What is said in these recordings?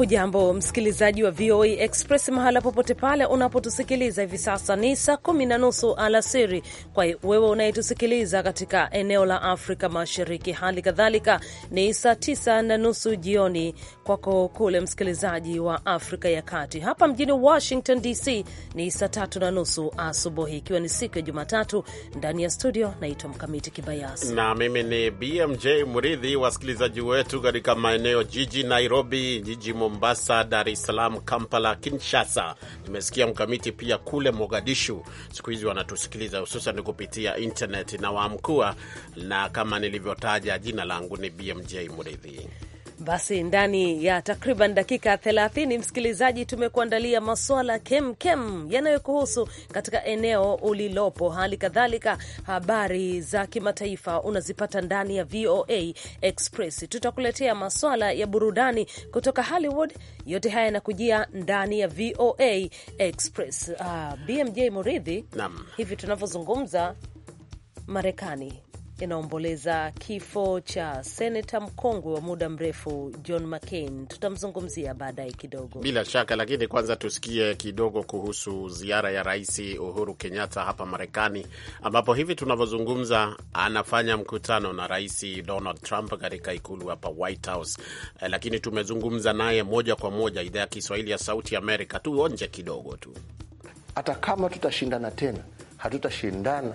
Hujambo msikilizaji wa VOA Express mahala popote pale unapotusikiliza hivi sasa, ni saa kumi na nusu alasiri kwa wewe unayetusikiliza katika eneo la Afrika Mashariki. Hali kadhalika ni saa tisa na nusu jioni kwako kule msikilizaji wa Afrika ya Kati. Hapa mjini Washington DC ni saa tatu na nusu asubuhi, ikiwa ni siku ya Jumatatu. Ndani ya studio naitwa Mkamiti Kibayasi na mimi ni BMJ Mridhi. Wasikilizaji wetu katika maeneo jiji Nairobi, jiji Mombasa, Dar es Salaam, Kampala, Kinshasa. Nimesikia mkamiti pia kule Mogadishu. Siku hizi wanatusikiliza hususan kupitia internet na waamkua, na kama nilivyotaja, jina langu ni BMJ mridhi basi ndani ya takriban dakika 30, msikilizaji, tumekuandalia maswala kemkem yanayokuhusu katika eneo ulilopo. Hali kadhalika habari za kimataifa unazipata ndani ya VOA Express. Tutakuletea maswala ya burudani kutoka Hollywood. Yote haya yanakujia ndani ya VOA Express. Uh, ah, BMJ Muridhi, hivi tunavyozungumza Marekani inaomboleza kifo cha seneta mkongwe wa muda mrefu John McCain. Tutamzungumzia baadaye kidogo bila shaka, lakini kwanza tusikie kidogo kuhusu ziara ya Rais Uhuru Kenyatta hapa Marekani, ambapo hivi tunavyozungumza anafanya mkutano na Rais Donald Trump katika ikulu hapa White House. Eh, lakini tumezungumza naye moja kwa moja, idhaa ya Kiswahili ya Sauti Amerika. Tuonje kidogo tu, hata kama tutashindana tena hatutashindana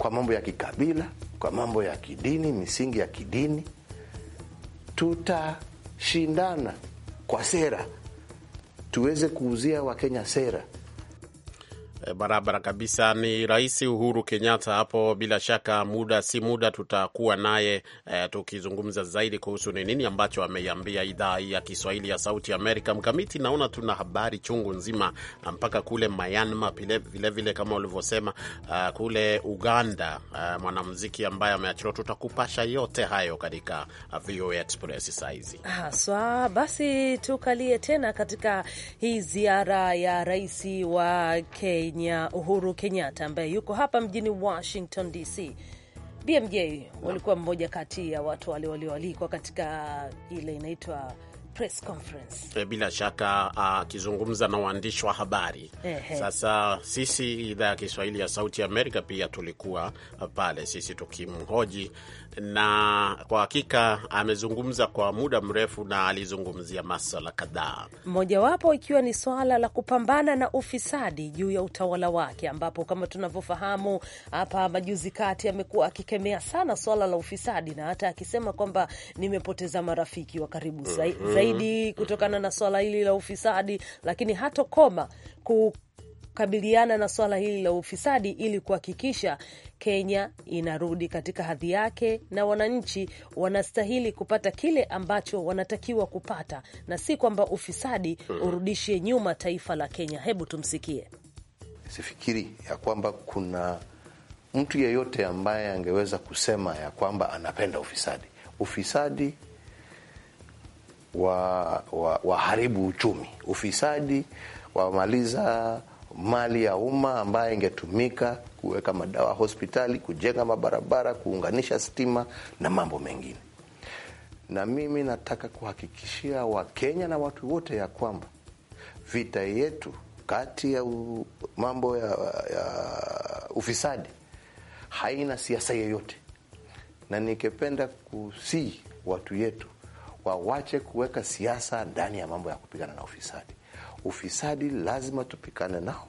kwa mambo ya kikabila, kwa mambo ya kidini, misingi ya kidini. Tutashindana kwa sera, tuweze kuuzia Wakenya sera Eh, barabara kabisa, ni Rais Uhuru Kenyatta hapo. Bila shaka muda si muda tutakuwa naye e, tukizungumza zaidi kuhusu ni nini ambacho ameiambia idhaa hii ya Kiswahili ya Sauti Amerika. Mkamiti, naona tuna habari chungu nzima mpaka kule Myanmar vilevile vile, kama ulivyosema uh, kule Uganda uh, mwanamuziki ambaye ameachiliwa. Tutakupasha yote hayo katika VOA Express saizi haswa. Basi tukalie tena katika hii ziara ya rais wa Kenya ya Uhuru Kenyatta ambaye yuko hapa mjini Washington DC. BMJ walikuwa mmoja kati ya watu wale walioalikwa katika ile inaitwa press conference. Eh, bila shaka ah, akizungumza uh, na waandishi wa habari ehe. Sasa sisi idhaa ya Kiswahili ya Sauti Amerika pia tulikuwa ah, pale sisi tukimhoji, na kwa hakika amezungumza kwa muda mrefu na alizungumzia masala kadhaa, mojawapo ikiwa ni swala la kupambana na ufisadi juu ya utawala wake, ambapo kama tunavyofahamu hapa majuzi kati amekuwa akikemea sana swala la ufisadi na hata akisema kwamba nimepoteza marafiki wa karibu mm -hmm zaidi mm. kutokana na swala hili la ufisadi, lakini hatokoma kukabiliana na swala hili la ufisadi ili kuhakikisha Kenya inarudi katika hadhi yake na wananchi wanastahili kupata kile ambacho wanatakiwa kupata, na si kwamba ufisadi mm. urudishe nyuma taifa la Kenya. Hebu tumsikie. Sifikiri ya kwamba kuna mtu yeyote ambaye angeweza kusema ya kwamba anapenda ufisadi. Ufisadi waharibu wa, wa uchumi. Ufisadi wamaliza mali ya umma ambayo ingetumika kuweka madawa hospitali, kujenga mabarabara, kuunganisha stima na mambo mengine. Na mimi nataka kuhakikishia Wakenya na watu wote ya kwamba vita yetu kati ya u, mambo ya, ya ufisadi haina siasa yeyote, na nikependa kusii watu yetu wawache kuweka siasa ndani ya mambo ya kupigana na ufisadi. Ufisadi lazima tupikane nao,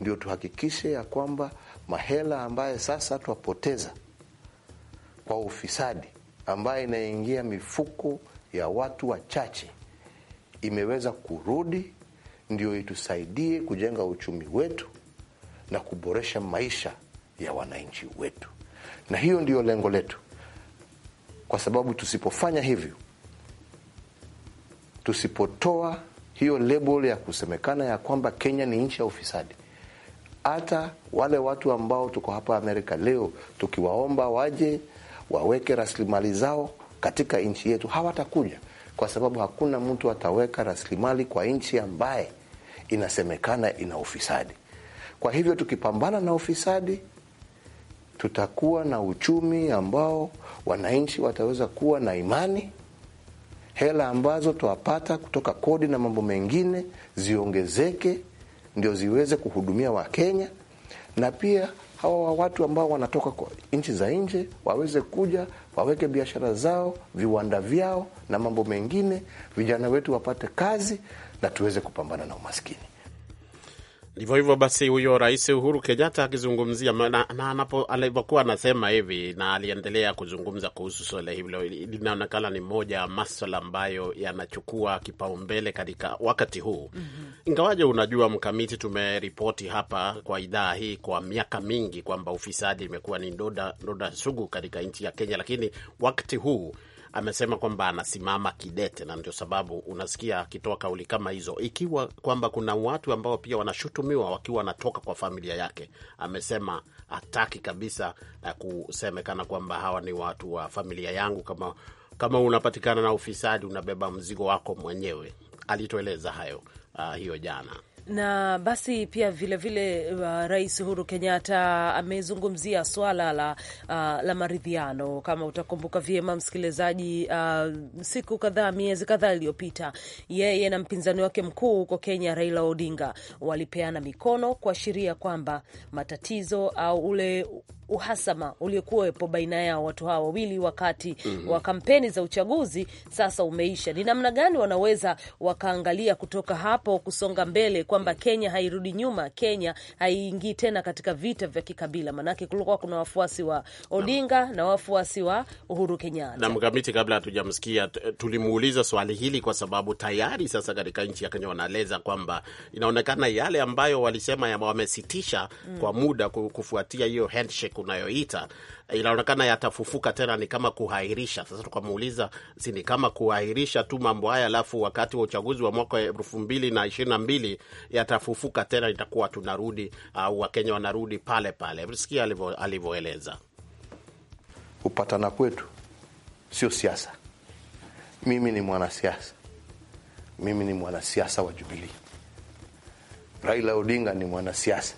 ndio tuhakikishe ya kwamba mahela ambaye sasa twapoteza kwa ufisadi, ambaye inaingia mifuko ya watu wachache, imeweza kurudi, ndio itusaidie kujenga uchumi wetu na kuboresha maisha ya wananchi wetu, na hiyo ndiyo lengo letu, kwa sababu tusipofanya hivyo tusipotoa hiyo label ya kusemekana ya kwamba Kenya ni nchi ya ufisadi, hata wale watu ambao tuko hapa Amerika leo tukiwaomba waje waweke rasilimali zao katika nchi yetu hawatakuja, kwa sababu hakuna mtu ataweka rasilimali kwa nchi ambaye inasemekana ina ufisadi. Kwa hivyo tukipambana na ufisadi, tutakuwa na uchumi ambao wananchi wataweza kuwa na imani hela ambazo twapata kutoka kodi na mambo mengine ziongezeke, ndio ziweze kuhudumia Wakenya na pia hawa watu ambao wanatoka kwa nchi za nje waweze kuja waweke biashara zao, viwanda vyao na mambo mengine, vijana wetu wapate kazi na tuweze kupambana na umaskini. Ndivyo hivyo basi, huyo Rais Uhuru Kenyatta akizungumzia na anapo alivyokuwa anasema hivi, na aliendelea kuzungumza kuhusu swala hilo. Linaonekana ni moja ya maswala ambayo yanachukua kipaumbele katika wakati huu mm -hmm. Ingawaje unajua mkamiti, tumeripoti hapa kwa idhaa hii kwa miaka mingi kwamba ufisadi imekuwa ni ndoda, ndoda sugu katika nchi ya Kenya, lakini wakati huu amesema kwamba anasimama kidete, na ndio sababu unasikia akitoa kauli kama hizo, ikiwa kwamba kuna watu ambao pia wanashutumiwa wakiwa wanatoka kwa familia yake. Amesema hataki kabisa na eh, kusemekana kwamba hawa ni watu wa familia yangu. Kama kama unapatikana na ufisadi, unabeba mzigo wako mwenyewe. Alitueleza hayo uh, hiyo jana na basi pia vilevile vile, uh, Rais Uhuru Kenyatta amezungumzia swala la, uh, la maridhiano. Kama utakumbuka vyema msikilizaji, uh, siku kadhaa, miezi kadhaa iliyopita, yeye na mpinzani wake mkuu huko Kenya Raila Odinga walipeana mikono kuashiria kwamba matatizo au ule uhasama uliokuwepo baina yao watu hawa wawili wakati mm -hmm. wa kampeni za uchaguzi sasa umeisha. Ni namna gani wanaweza wakaangalia kutoka hapo kusonga mbele, kwamba mm. Kenya hairudi nyuma, Kenya haiingii tena katika vita vya kikabila? Manake kulikuwa kuna wafuasi wa Odinga na wafuasi wa Uhuru Kenyatta. Na Mkamiti, kabla hatujamsikia, tulimuuliza swali hili kwa sababu tayari sasa katika nchi ya Kenya wanaeleza kwamba inaonekana yale ambayo walisema wamesitisha mm. kwa muda kufuatia hiyo handshake unayoita inaonekana yatafufuka tena, ni kama kuhairisha. Sasa tukamuuliza, si ni kama kuhairisha tu mambo haya, alafu wakati wa uchaguzi wa mwaka elfu mbili na ishirini na mbili yatafufuka tena, itakuwa tunarudi au uh, Wakenya wanarudi pale pale. Sikia alivyoeleza. Kupatana kwetu sio siasa. Mimi ni mwanasiasa, mimi ni mwanasiasa wa Jubilii. Raila Odinga ni mwanasiasa,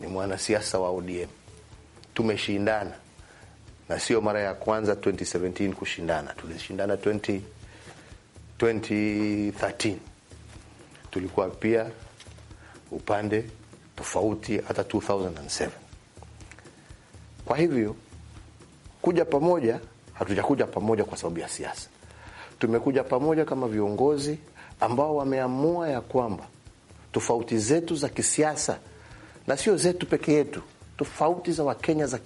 ni mwanasiasa wa ODM tumeshindana na sio mara ya kwanza 2017 kushindana, tulishindana 20, 2013 tulikuwa pia upande tofauti hata 2007. Kwa hivyo kuja pamoja, hatujakuja pamoja kwa sababu ya siasa. Tumekuja pamoja kama viongozi ambao wameamua ya kwamba tofauti zetu za kisiasa na sio zetu peke yetu tofauti za Wakenya za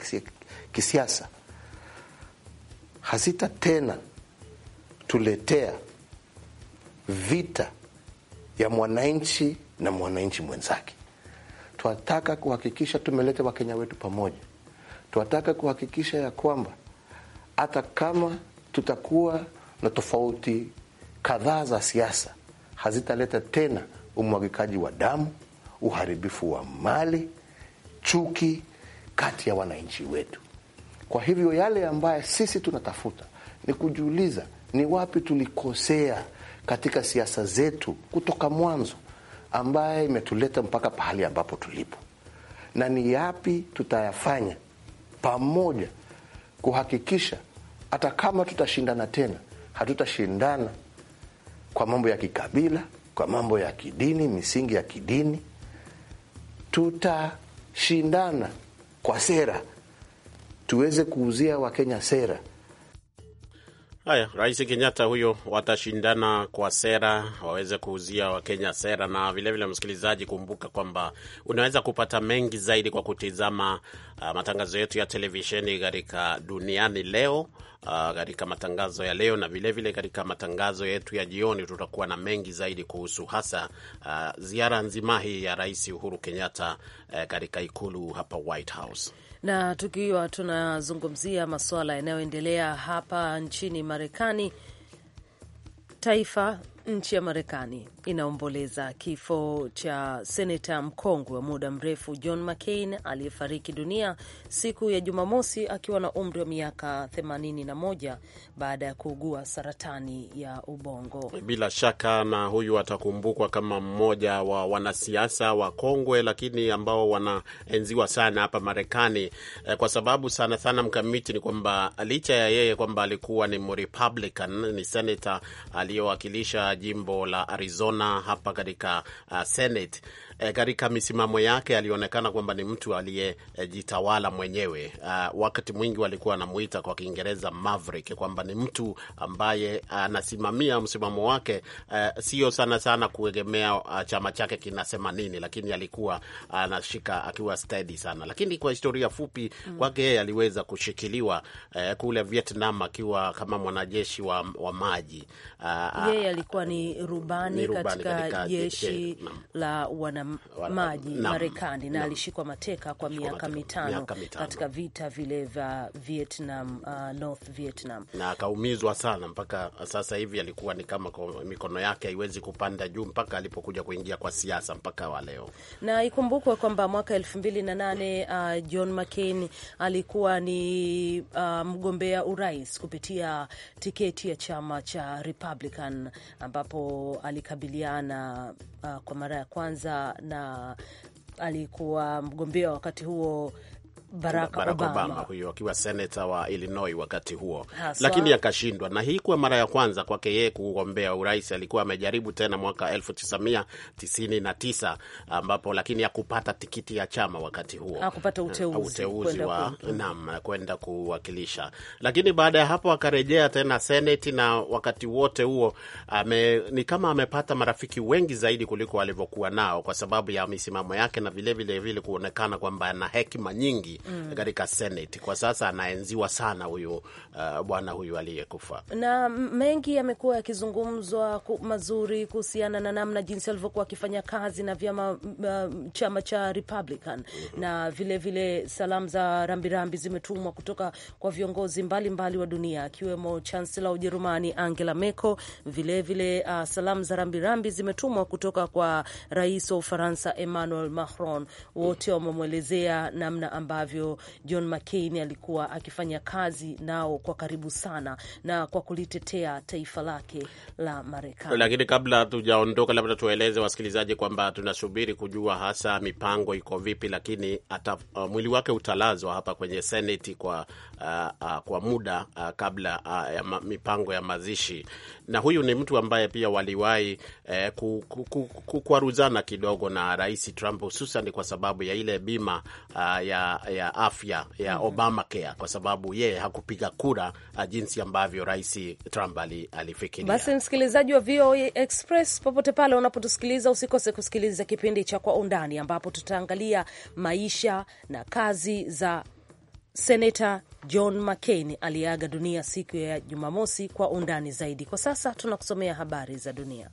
kisiasa hazita tena tuletea vita ya mwananchi na mwananchi mwenzake. Twataka kuhakikisha tumeleta Wakenya wetu pamoja. Twataka kuhakikisha ya kwamba hata kama tutakuwa na tofauti kadhaa za siasa hazitaleta tena umwagikaji wa damu, uharibifu wa mali chuki kati ya wananchi wetu. Kwa hivyo yale ambayo sisi tunatafuta ni kujiuliza ni wapi tulikosea katika siasa zetu kutoka mwanzo, ambaye imetuleta mpaka pahali ambapo tulipo, na ni yapi tutayafanya pamoja kuhakikisha hata kama tutashindana tena, hatutashindana kwa mambo ya kikabila, kwa mambo ya kidini, misingi ya kidini tuta shindana kwa sera, tuweze kuuzia Wakenya sera. Haya, Rais Kenyatta huyo, watashindana kwa sera, waweze kuuzia Wakenya sera. Na vilevile, msikilizaji, kumbuka kwamba unaweza kupata mengi zaidi kwa kutizama uh, matangazo yetu ya televisheni katika duniani leo ah, katika uh, matangazo ya leo na vilevile katika matangazo yetu ya jioni tutakuwa na mengi zaidi kuhusu hasa uh, ziara nzima hii ya Rais Uhuru Kenyatta uh, katika ikulu hapa White House na tukiwa tunazungumzia masuala yanayoendelea hapa nchini Marekani, taifa Nchi ya Marekani inaomboleza kifo cha seneta mkongwe wa muda mrefu John McCain aliyefariki dunia siku ya Jumamosi akiwa na umri wa miaka 81 baada ya kuugua saratani ya ubongo. Bila shaka, na huyu atakumbukwa kama mmoja wa wanasiasa wa kongwe, lakini ambao wanaenziwa sana hapa Marekani eh, kwa sababu sana sana mkamiti ni kwamba licha ya yeye kwamba alikuwa ni Republican, ni seneta aliyowakilisha jimbo la Arizona hapa katika uh, Senate e, katika misimamo yake alionekana kwamba ni mtu aliyejitawala e, mwenyewe. Uh, wakati mwingi walikuwa anamuita kwa Kiingereza maverick, kwamba ni mtu ambaye anasimamia uh, msimamo wake uh, sio sana sana kuegemea uh, chama chake kinasema nini, lakini alikuwa anashika uh, akiwa steady sana. Lakini kwa historia fupi mm, kwake yeye aliweza kushikiliwa uh, kule Vietnam akiwa kama mwanajeshi wa, wa maji uh, yeye alikuwa ni rubani, ni rubani katika, katika jeshi la wana maji Marekani na alishikwa mateka kwa miaka mitano katika vita vile vya Vietnam, uh, North Vietnam, na akaumizwa sana mpaka sasa hivi alikuwa ni kama mikono yake haiwezi kupanda juu mpaka alipokuja kuingia kwa siasa mpaka wa leo. Na ikumbukwe kwamba mwaka elfu mbili na nane uh, John McCain alikuwa ni uh, mgombea urais kupitia tiketi ya chama cha Republican ambapo alikabiliana uh, kwa mara ya kwanza na alikuwa mgombea wakati huo Barack, Barack Obama, Obama huyo akiwa seneta wa Illinois wakati huo ha, lakini akashindwa, na hii kuwa mara ya kwanza kwake yeye kugombea urais. Alikuwa amejaribu tena mwaka 1999 ambapo lakini hakupata tikiti ya chama wakati huo, hakupata eh, uteuzi, uteuzi wa mm. naam kwenda kuwakilisha, lakini baada ya hapo akarejea tena seneti, na wakati wote huo ame, ni kama amepata marafiki wengi zaidi kuliko walivyokuwa nao kwa sababu ya misimamo yake na vile vile vile kuonekana kwamba ana hekima nyingi Mm. katika Senate. Kwa sasa anaenziwa sana huyu uh, bwana huyu aliyekufa, na mengi yamekuwa yakizungumzwa mazuri kuhusiana na namna jinsi alivyokuwa akifanya kazi na vyama uh, chama cha Republican mm -hmm. na vilevile salamu za rambirambi zimetumwa kutoka kwa viongozi mbalimbali mbali wa dunia akiwemo chancellor wa Ujerumani Angela Merkel. Vilevile uh, salamu za rambirambi zimetumwa kutoka kwa rais wa Ufaransa Emmanuel Macron, wote mm. wamemwelezea namna ambavyo ambavyo John McCain alikuwa akifanya kazi nao kwa karibu sana na kwa kulitetea taifa lake la Marekani. Lakini kabla hatujaondoka, labda tueleze wasikilizaji kwamba tunasubiri kujua hasa mipango iko vipi, lakini ata, uh, mwili wake utalazwa hapa kwenye Seneti kwa, uh, uh, kwa muda uh, kabla uh, ya mipango ya mazishi, na huyu ni mtu ambaye pia waliwahi eh, kukwaruzana kidogo na Rais Trump hususan kwa sababu ya ile bima uh, ya ya afya ya mhm. Obamacare kwa sababu yeye hakupiga kura uh, jinsi ambavyo Rais Trump alifikiria. Basi msikilizaji wa VOA Express, popote pale unapotusikiliza, usikose kusikiliza kipindi cha Kwa Undani ambapo tutaangalia maisha na kazi za Seneta John McCain aliyeaga dunia siku ya Jumamosi kwa undani zaidi. Kwa sasa tunakusomea habari za dunia.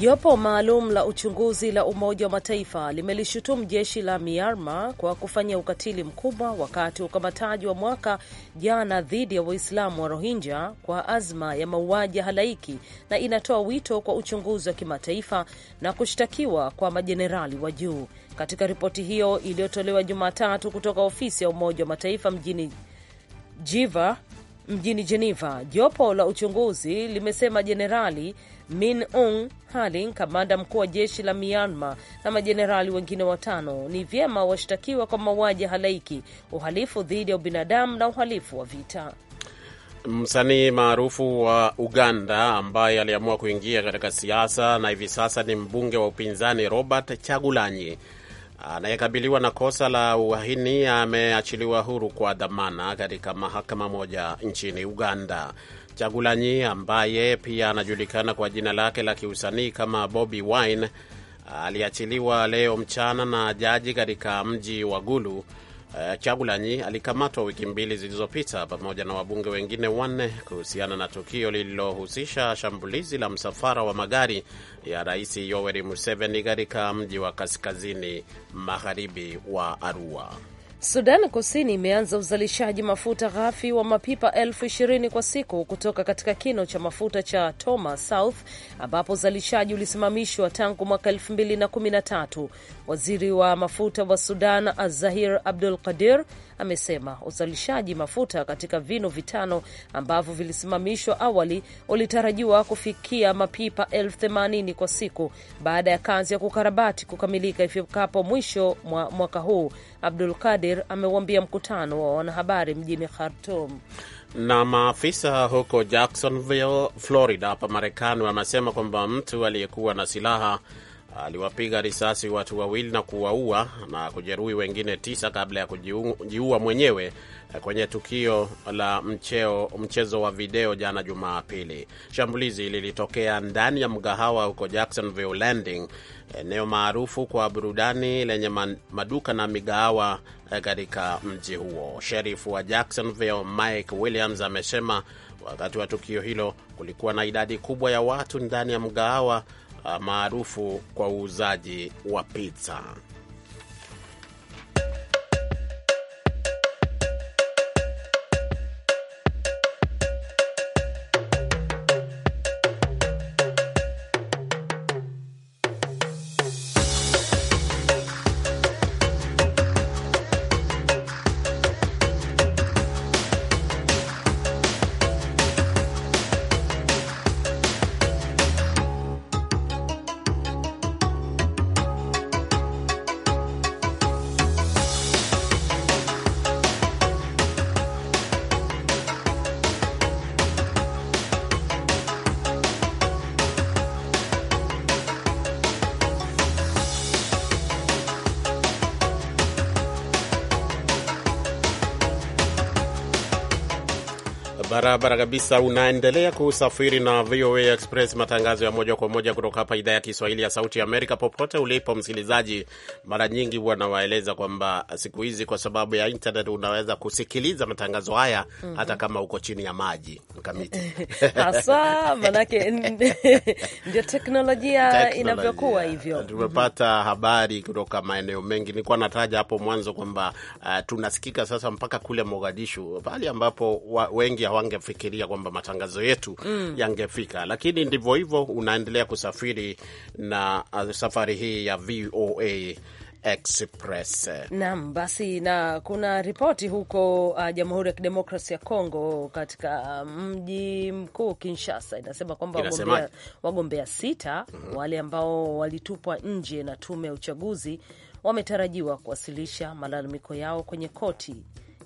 Jopo maalum la uchunguzi la Umoja wa Mataifa limelishutumu jeshi la Myanmar kwa kufanya ukatili mkubwa wakati wa ukamataji wa mwaka jana dhidi ya Waislamu wa Rohingya kwa azma ya mauaji halaiki, na inatoa wito kwa uchunguzi wa kimataifa na kushtakiwa kwa majenerali wa juu. Katika ripoti hiyo iliyotolewa Jumatatu kutoka ofisi ya Umoja wa Mataifa mjini Jiva mjini Jeneva, jopo la uchunguzi limesema jenerali Min Aung Hlaing, kamanda mkuu wa jeshi la Myanmar, na majenerali wengine watano ni vyema washtakiwa kwa mauaji halaiki, uhalifu dhidi ya ubinadamu na uhalifu wa vita. Msanii maarufu wa Uganda ambaye aliamua kuingia katika siasa na hivi sasa ni mbunge wa upinzani Robert Chagulanyi anayekabiliwa na kosa la uhaini ameachiliwa huru kwa dhamana katika mahakama moja nchini Uganda. Chagulanyi ambaye pia anajulikana kwa jina lake la kiusanii kama Bobi Wine aliachiliwa leo mchana na jaji katika mji wa Gulu. Eh, Chagulanyi alikamatwa wiki mbili zilizopita pamoja na wabunge wengine wanne kuhusiana na tukio lililohusisha shambulizi la msafara wa magari ya Rais Yoweri Museveni katika mji wa kaskazini magharibi wa Arua. Sudan Kusini imeanza uzalishaji mafuta ghafi wa mapipa elfu ishirini kwa siku kutoka katika kino cha mafuta cha Toma South ambapo uzalishaji ulisimamishwa tangu mwaka elfu mbili na kumi na tatu. Waziri wa mafuta wa Sudan Azahir Abdul Qadir amesema uzalishaji mafuta katika vino vitano ambavyo vilisimamishwa awali ulitarajiwa kufikia mapipa elfu themanini kwa siku baada ya kazi ya kukarabati kukamilika ifikapo mwisho mwa mwaka huu. Abdul Qadir Bashir ameuambia mkutano wa wanahabari mjini Khartoum. Na maafisa huko Jacksonville, Florida, hapa Marekani wamesema kwamba mtu aliyekuwa na silaha aliwapiga risasi watu wawili na kuwaua na kujeruhi wengine tisa kabla ya kujiua mwenyewe kwenye tukio la mcheo, mchezo wa video jana Jumapili. Shambulizi lilitokea ndani ya mgahawa huko Jacksonville Landing, eneo maarufu kwa burudani lenye maduka na migahawa Eh, katika mji huo. Sherifu wa Jacksonville Mike Williams amesema wakati wa tukio hilo kulikuwa na idadi kubwa ya watu ndani ya mgahawa eh, maarufu kwa uuzaji wa pizza. barabara kabisa. Unaendelea kusafiri na VOA Express, matangazo ya moja kwa moja kutoka hapa idhaa ya Kiswahili ya Sauti Amerika. Popote ulipo msikilizaji, mara nyingi huwa nawaeleza kwamba siku hizi kwa sababu ya internet unaweza kusikiliza matangazo haya mm -hmm. hata kama uko chini ya maji mkamiti hasa manake ndio teknolojia inavyokuwa hivyo. Tumepata habari kutoka maeneo mengi. Nilikuwa nataja hapo mwanzo kwamba uh, tunasikika sasa mpaka kule Mogadishu, pahali ambapo wa, wengi hawange hawajafikiria kwamba matangazo yetu mm. yangefika, lakini ndivyo hivyo, unaendelea kusafiri na uh, safari hii ya VOA Express. Naam, basi na kuna ripoti huko uh, Jamhuri ya Kidemokrasi ya Kongo katika um, mji mkuu Kinshasa, inasema kwamba wagombea, wagombea sita mm -hmm. wale ambao walitupwa nje na tume ya uchaguzi wametarajiwa kuwasilisha malalamiko yao kwenye koti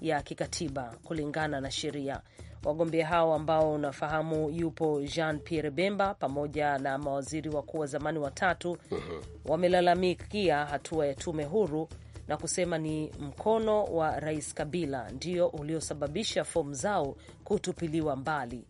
ya kikatiba kulingana na sheria. Wagombea hao ambao unafahamu yupo Jean Pierre Bemba pamoja na mawaziri wakuu wa zamani watatu mhm. wamelalamikia hatua ya tume huru na kusema ni mkono wa Rais Kabila ndio uliosababisha fomu zao kutupiliwa mbali.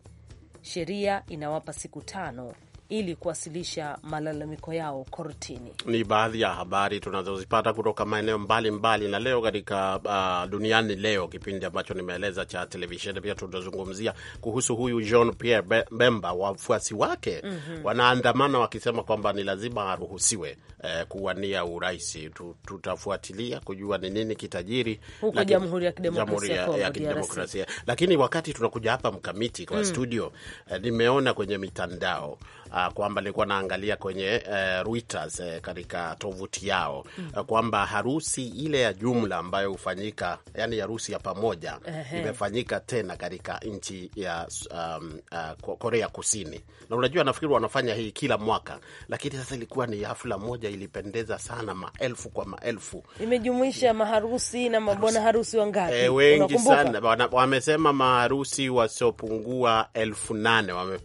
Sheria inawapa siku tano ili kuwasilisha malalamiko yao kortini. Ni baadhi ya habari tunazozipata kutoka maeneo mbalimbali, na leo katika uh, duniani leo, kipindi ambacho nimeeleza cha televisheni, pia tutazungumzia kuhusu huyu Jean Pierre Bemba. Wafuasi wake mm -hmm. wanaandamana wakisema kwamba ni lazima aruhusiwe eh, kuwania urais. Tutafuatilia kujua ni nini kitajiri huko Jamhuri ya Kidemokrasia. Lakini wakati tunakuja hapa mkamiti kwa mm. studio eh, nimeona kwenye mitandao uh, kwamba nilikuwa naangalia kwenye uh, Reuters uh, katika tovuti yao uh, kwamba harusi ile ya jumla ambayo hufanyika, yani harusi ya pamoja imefanyika tena katika nchi ya um, uh, Korea Kusini, na unajua nafikiri wanafanya hii kila mwaka, lakini sasa ilikuwa ni hafla moja ilipendeza sana, maelfu kwa maelfu, imejumuisha maharusi na mabwana harusi wangapi? E, wengi sana wamesema maharusi wasiopungua elfu nane wame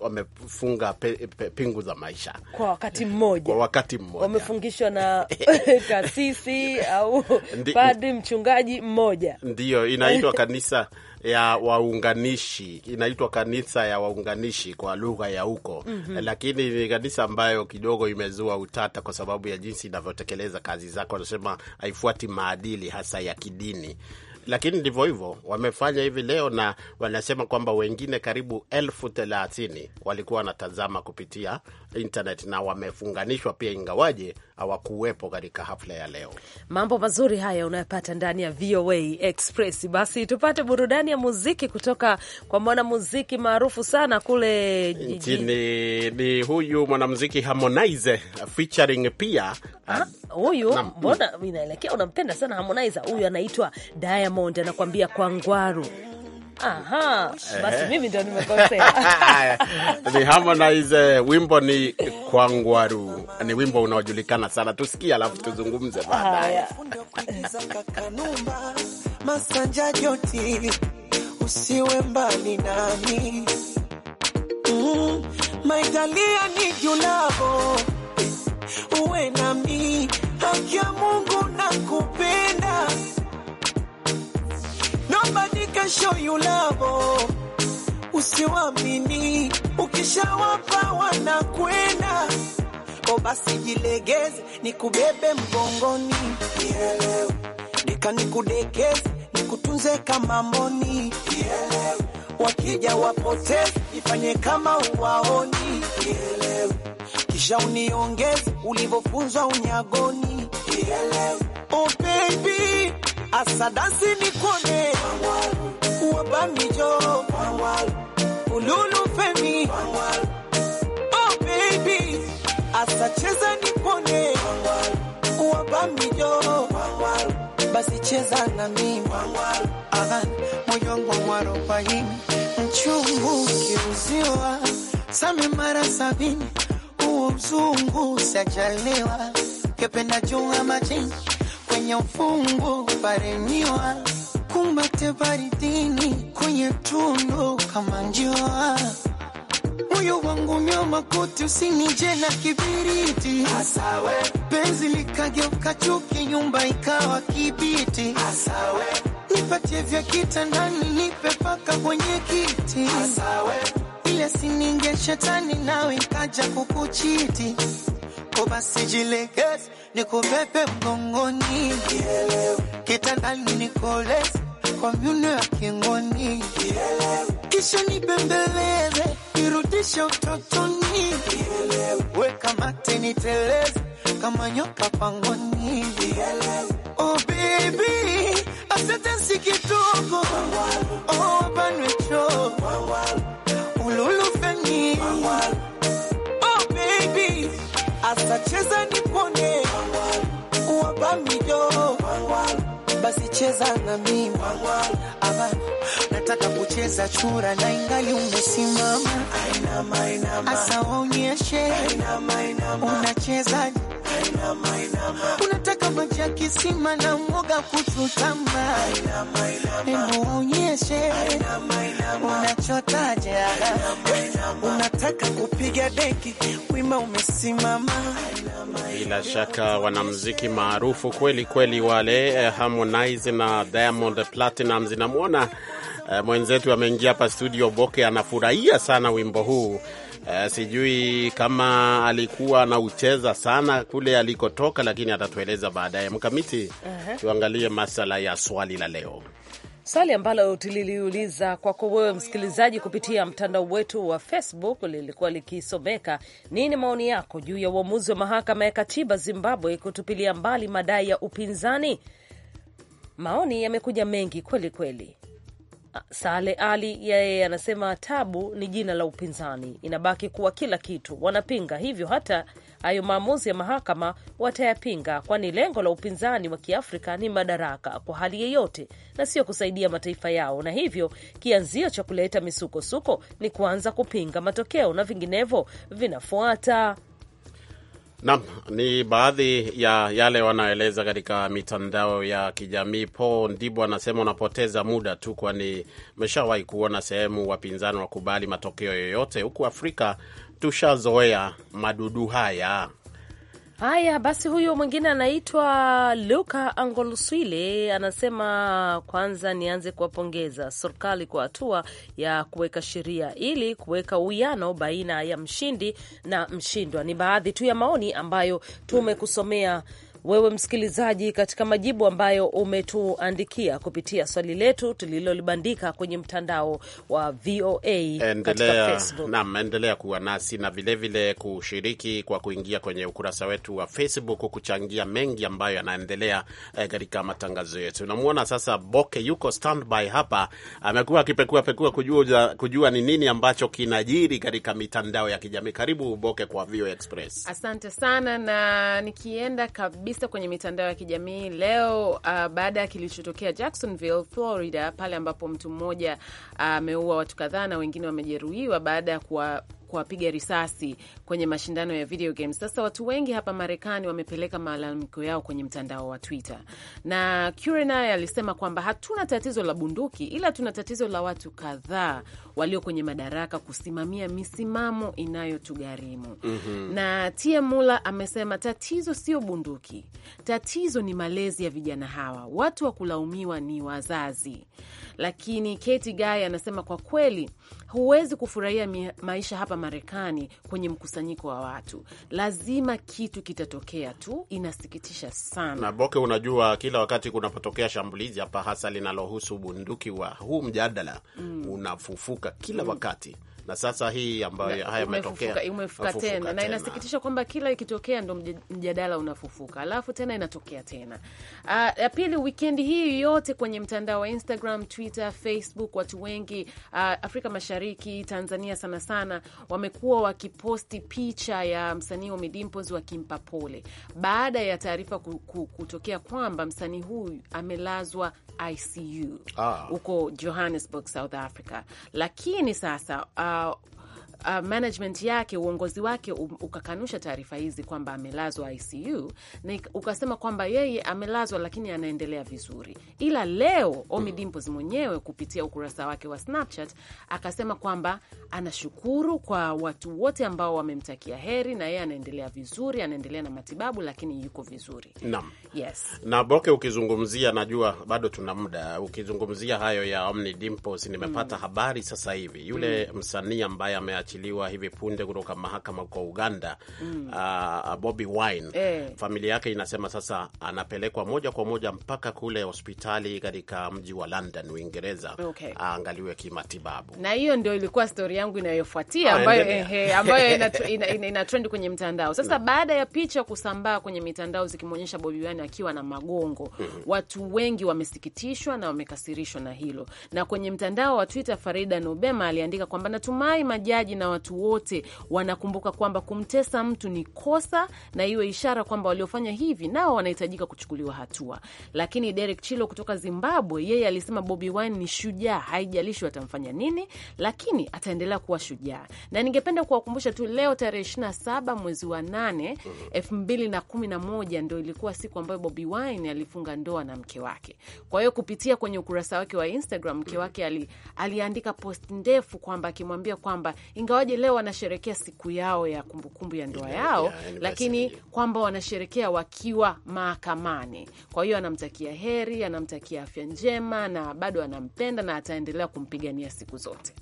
wamefunga pingu za maisha kwa wakati mmoja, kwa wakati mmoja wamefungishwa na kasisi au padri mchungaji mmoja, ndio inaitwa kanisa ya waunganishi inaitwa kanisa ya waunganishi kwa lugha ya huko mm -hmm. Lakini ni kanisa ambayo kidogo imezua utata kwa sababu ya jinsi inavyotekeleza kazi zake. Wanasema haifuati maadili hasa ya kidini lakini ndivyo hivyo wamefanya hivi leo, na wanasema kwamba wengine karibu elfu thelathini walikuwa wanatazama kupitia internet na wamefunganishwa pia, ingawaje hawakuwepo katika hafla ya leo. Mambo mazuri haya unayopata ndani ya VOA Express. Basi tupate burudani ya muziki kutoka kwa mwanamuziki maarufu sana kule nchini, ni huyu mwanamuziki Harmonize featuring pia ah, ah, huyu, mbona inaelekea unampenda sana Harmonize. Huyu anaitwa Diamond Diamond anakuambia kwa ngwaru. Aha, basi mimi ndo nimekosea. Ni Harmonize, wimbo ni kwa ngwaru, ni wimbo unaojulikana sana. Tusikie alafu tuzungumze baadaye. Masanja joti usiwe mbali nami, mm, need you love, uwe nami, haki ya Mungu nakupenda somebody can show you love. Usiwamini, ukishawapa wanakwenda. O, basi jilegeze, nikubebe mgongoni, nikudekeze nikutunze kama mboni. Wakija wapoteze, ifanye kama uwaoni, kisha uniongeze ulivyofunzwa unyagoni. Oh baby asadansi nikone wabandijo ululufeni oh baby asacheza nikone wabandijo basi cheza na mimi moyongo mwarobaini mchungu kiuziwa same mara sabini uo mzungu sajaliwa kependa junga majini kwenye ufungu bareniwa kumbate baridini kwenye tundu kama njua moyo wangu myoma kuti usinije na kibiriti Asawe. penzi likageuka chuki nyumba ikawa kibiti Asawe. nipatie vya kitandani nipe paka kwenye kiti Asawe. ila sininge shetani nawe kaja kukuchiti kobasi jilegezi nikubebe mgongoni, kitandani nikoleze kwa mnyuno ya kingoni, kisha nibembeleze nirudishe utotoni, weka mate niteleze kama nyoka pangoni. Oh baby, asante si kidogo, oh abanwecho ululufeni, oh baby, asacheza nipone basi cheza na mimi ama nataka kucheza chura na ingali umesimama, asa waonyeshe unacheza Unataka maji ya kisima na mwoga kuchutama, hebu unyeshe unachotaja. Unataka kupiga deki wima umesimama. Bila shaka wanamziki maarufu kweli kweli wale eh, Harmonize na Diamond Platinum zinamwona eh, mwenzetu ameingia hapa studio Boke anafurahia sana wimbo huu Uh, sijui kama alikuwa anaucheza sana kule alikotoka, lakini atatueleza baadaye. Mkamiti, tuangalie uh -huh. masala ya swali la leo, swali ambalo tuliliuliza kwako wewe msikilizaji kupitia mtandao wetu wa Facebook lilikuwa likisomeka: nini maoni yako juu ya uamuzi wa mahakama ya katiba Zimbabwe kutupilia mbali madai ya upinzani? Maoni yamekuja mengi kweli kweli. Saleh Ali yeye anasema tabu ni jina la upinzani, inabaki kuwa kila kitu wanapinga, hivyo hata hayo maamuzi ya mahakama watayapinga, kwani lengo la upinzani wa Kiafrika ni madaraka kwa hali yeyote na sio kusaidia mataifa yao, na hivyo kianzio cha kuleta misukosuko ni kuanza kupinga matokeo na vinginevyo vinafuata. Naam, ni baadhi ya yale wanaeleza katika mitandao ya kijamii. po Ndibo anasema unapoteza muda tu, kwani umeshawahi kuona sehemu wapinzani wakubali matokeo yoyote? Huku Afrika tushazoea madudu haya. Haya basi, huyo mwingine anaitwa Luka angoluswile anasema, kwanza nianze kuwapongeza serikali kwa hatua ya kuweka sheria ili kuweka uwiano baina ya mshindi na mshindwa. Ni baadhi tu ya maoni ambayo tumekusomea wewe msikilizaji katika majibu ambayo umetuandikia kupitia swali letu tulilolibandika kwenye mtandao wa VOA katika Facebook. Naam, endelea kuwa nasi na vilevile vile kushiriki kwa kuingia kwenye ukurasa wetu wa Facebook kuchangia mengi ambayo yanaendelea eh, katika eh, matangazo yetu. Unamwona sasa Boke yuko standby hapa, amekuwa akipekua pekua kujua, kujua ni nini ambacho kinajiri katika mitandao ya kijamii. Karibu Boke kwa VOA Express. Asante sana na nikienda kabisa Mr kwenye mitandao ya kijamii leo uh, baada ya kilichotokea Jacksonville, Florida, pale ambapo mtu mmoja uh, ameua uh, watu kadhaa na wengine wamejeruhiwa baada ya kuwa kuwapiga risasi kwenye mashindano ya video games. Sasa watu wengi hapa Marekani wamepeleka malalamiko yao kwenye mtandao wa Twitter, na Cure naye alisema kwamba hatuna tatizo la bunduki, ila tuna tatizo la watu kadhaa walio kwenye madaraka kusimamia misimamo inayotugharimu. mm -hmm. Na Tia Mula amesema tatizo sio bunduki, tatizo ni malezi ya vijana hawa. Watu wa kulaumiwa ni wazazi. Lakini Keti Guy anasema kwa kweli huwezi kufurahia maisha hapa Marekani kwenye mkusanyiko wa watu, lazima kitu kitatokea tu. Inasikitisha sana na Boke, unajua kila wakati kunapotokea shambulizi hapa, hasa linalohusu bunduki, wa huu mjadala mm. unafufuka kila mm. wakati na sasa hii ambayo haya yametokea imefuka tena, na inasikitisha kwamba kila ikitokea ndo mjadala unafufuka, alafu tena inatokea tena. Uh, ya pili wikendi hii yote kwenye mtandao wa Instagram, Twitter, Facebook, watu wengi uh, Afrika Mashariki, Tanzania sana sana wamekuwa wakiposti picha ya msanii Ommy Dimpoz wakimpa pole baada ya taarifa kutokea kwamba msanii huyu amelazwa ICU ah. huko ah, Johannesburg, South Africa, lakini sasa uh, about uh, management yake, uongozi wake ukakanusha taarifa hizi kwamba amelazwa ICU na ukasema kwamba yeye amelazwa lakini anaendelea vizuri. Ila leo Omi Dimples mwenyewe kupitia ukurasa wake wa Snapchat akasema kwamba anashukuru kwa watu wote ambao wamemtakia heri na yeye anaendelea vizuri, anaendelea na matibabu lakini yuko vizuri. Naam. Yes. Na Boke, ukizungumzia, najua bado tuna muda, ukizungumzia hayo ya Omni nimepata mm. habari sasa hivi yule mm. msanii ambaye ameacha aliyeachiliwa hivi punde kutoka mahakama kwa Uganda mm. uh, uh Bobby Wine eh. Familia yake inasema sasa anapelekwa moja kwa moja mpaka kule hospitali katika mji wa London, Uingereza okay. aangaliwe kimatibabu. Na hiyo ndio ilikuwa stori yangu inayofuatia ah, ambayo, eh, ambayo ina, ina, ina, ina trend kwenye mtandao sasa, mm. baada ya picha kusambaa kwenye mitandao zikimwonyesha Bobi Wine akiwa na magongo mm -hmm. watu wengi wamesikitishwa na wamekasirishwa na hilo, na kwenye mtandao wa Twitter Farida Nobema aliandika kwamba natumai majaji na watu wote wanakumbuka kwamba kumtesa mtu ni kosa, na iwe ishara kwamba waliofanya hivi nao wanahitajika kuchukuliwa hatua. Lakini Derek Chilo kutoka Zimbabwe, yeye alisema Bobi Wine ni shujaa, haijalishi watamfanya nini, lakini ataendelea kuwa shujaa. Na ningependa kuwakumbusha tu leo tarehe 27 mwezi wa 8 2011 ndo ilikuwa siku ambayo Bobi Wine alifunga ndoa na mke wake. Kwa hiyo kupitia kwenye ukurasa wake wa Instagram, mke wake ali, aliandika post ndefu kwamba akimwambia kwamba ingawaje leo wanasherekea siku yao ya kumbukumbu kumbu ya ndoa yao yeah, yeah, lakini kwamba wanasherekea wakiwa mahakamani. Kwa hiyo anamtakia heri, anamtakia afya njema, na bado anampenda na ataendelea kumpigania siku zote.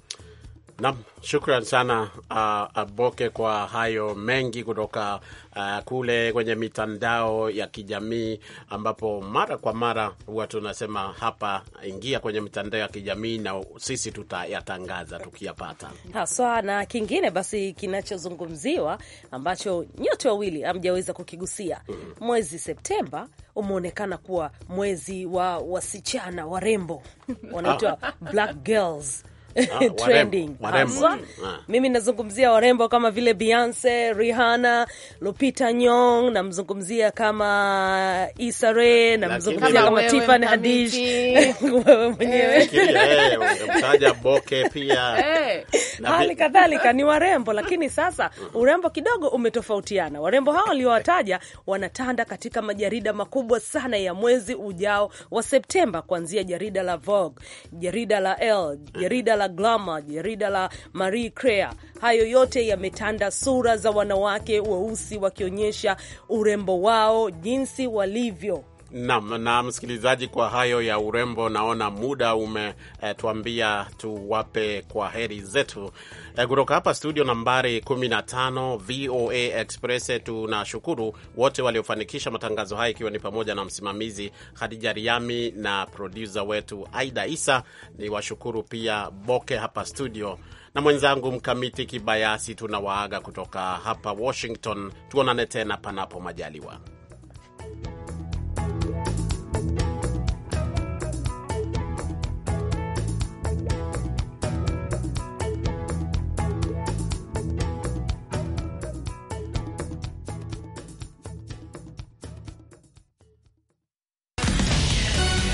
Nam, shukran sana uh, Aboke kwa hayo mengi kutoka uh, kule kwenye mitandao ya kijamii ambapo mara kwa mara huwa tunasema hapa, ingia kwenye mitandao ya kijamii na sisi tutayatangaza tukiyapata haswa. Na kingine basi kinachozungumziwa ambacho nyote wawili hamjaweza kukigusia mm -hmm. Mwezi Septemba umeonekana kuwa mwezi wa wasichana warembo wanaitwa black girls Ah, trending haswa. Ah. Mimi nazungumzia warembo kama vile Beyonce, Rihanna, Lupita Nyong, namzungumzia kama Issa Rae, namzungumzia kama Tiffany Haddish, wewe mwenyewe eh, eh, mtaja Boke pia, eh, hali kadhalika ni warembo. Lakini sasa urembo kidogo umetofautiana. Warembo hao waliowataja wanatanda katika majarida makubwa sana ya mwezi ujao wa Septemba, kuanzia jarida la Vogue, jarida la Elle, jarida la la Glamour, jarida la Marie Claire. Hayo yote yametanda sura za wanawake weusi wakionyesha urembo wao, jinsi walivyo Naam, na msikilizaji, kwa hayo ya urembo, naona muda umetuambia tuwape kwa heri zetu eh, kutoka hapa studio nambari 15 VOA Express. Tunashukuru wote waliofanikisha matangazo haya, ikiwa ni pamoja na msimamizi Khadija Riami na produsa wetu Aida Isa. Ni washukuru pia Boke hapa studio na mwenzangu Mkamiti Kibayasi. Tunawaaga kutoka hapa Washington, tuonane tena panapo majaliwa.